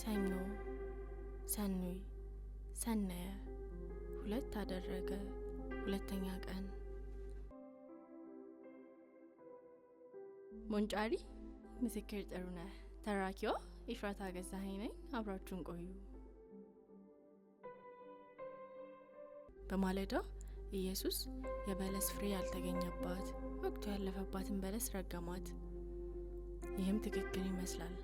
ሰኞ፣ ሰኑይ፣ ሰነየ ሁለት አደረገ። ሁለተኛ ቀን ሞንጫሪ ምስክር ጥሩ ነ ተራኪዋ ኢፍራታ ገዛኸኝ ነኝ። አብራችሁን ቆዩ። በማለዳ ኢየሱስ የበለስ ፍሬ ያልተገኘባት ወቅቱ ያለፈባትን በለስ ረገማት። ይህም ትክክል ይመስላል።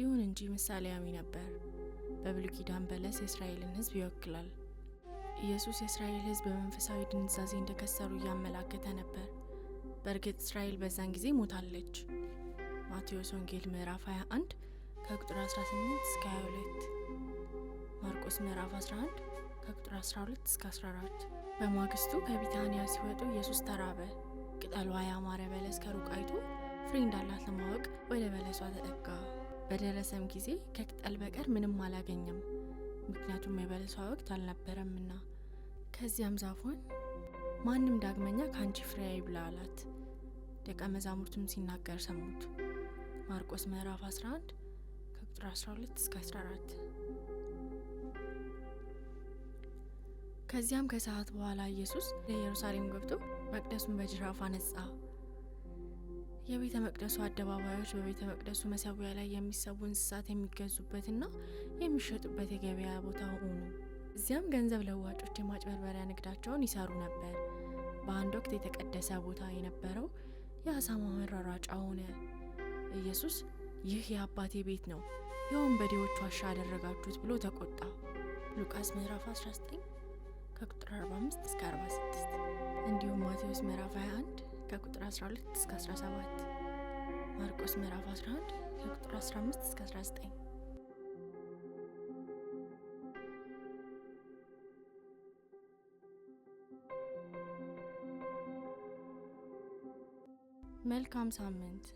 ይሁን እንጂ ምሳሌያዊ ነበር። በብሉይ ኪዳን በለስ የእስራኤልን ሕዝብ ይወክላል። ኢየሱስ የእስራኤል ሕዝብ በመንፈሳዊ ድንዛዜ እንደከሰሩ እያመላከተ ነበር። በእርግጥ እስራኤል በዛን ጊዜ ሞታለች። ማቴዎስ ወንጌል ምዕራፍ 21 ከቁጥር 18 እስከ 22፣ ማርቆስ ምዕራፍ 11 ከቁጥር 12 እስከ 14። በማግስቱ ከቢታንያ ሲወጡ ኢየሱስ ተራበ። ቅጠሏ ያማረ በለስ ከሩቅ አይቶ ፍሬ እንዳላት ለማወቅ ወደ በለሷ ተጠጋ። በደረሰም ጊዜ ከቅጠል በቀር ምንም አላገኘም፣ ምክንያቱም የበለሷ ወቅት አልነበረምና። ከዚያም ዛፏን ማንም ዳግመኛ ከአንቺ ፍሬ አይብላ አላት። ደቀ መዛሙርቱም ሲናገር ሰሙት። ማርቆስ ምዕራፍ 11 ከቁጥር 12 እስከ 14። ከዚያም ከሰዓት በኋላ ኢየሱስ ለኢየሩሳሌም ገብቶ መቅደሱን በጅራፍ አነጻ። የቤተ መቅደሱ አደባባዮች በቤተ መቅደሱ መሰዊያ ላይ የሚሰቡ እንስሳት የሚገዙበትና የሚሸጡበት የገበያ ቦታ ሆኑ። እዚያም ገንዘብ ለዋጮች የማጭበርበሪያ ንግዳቸውን ይሰሩ ነበር። በአንድ ወቅት የተቀደሰ ቦታ የነበረው የአሳማ መራራጫ ሆነ። ኢየሱስ ይህ የአባቴ ቤት ነው፣ የወንበዴዎች ዋሻ አደረጋችሁት ብሎ ተቆጣ። ሉቃስ ምዕራፍ 19 ከቁጥር 45 እስከ 46 እንዲሁም ማቴዎስ ምዕራፍ 21 ከቁጥር 12 እስከ 17 ማርቆስ ምዕራፍ 11 ከቁጥር 15 እስከ 19 መልካም ሳምንት